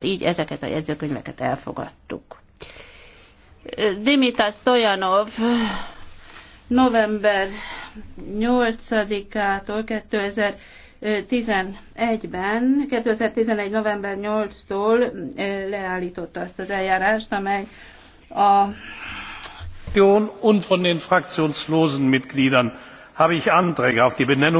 így ezeket a jegyzőkönyveket elfogadtuk. Dimitar Stojanov november 8-ától 2011-ben, 2011. november 8-tól eh, leállította azt az eljárást, amely a und von den fraktionslosen Mitgliedern habe ich Anträge auf die Benennung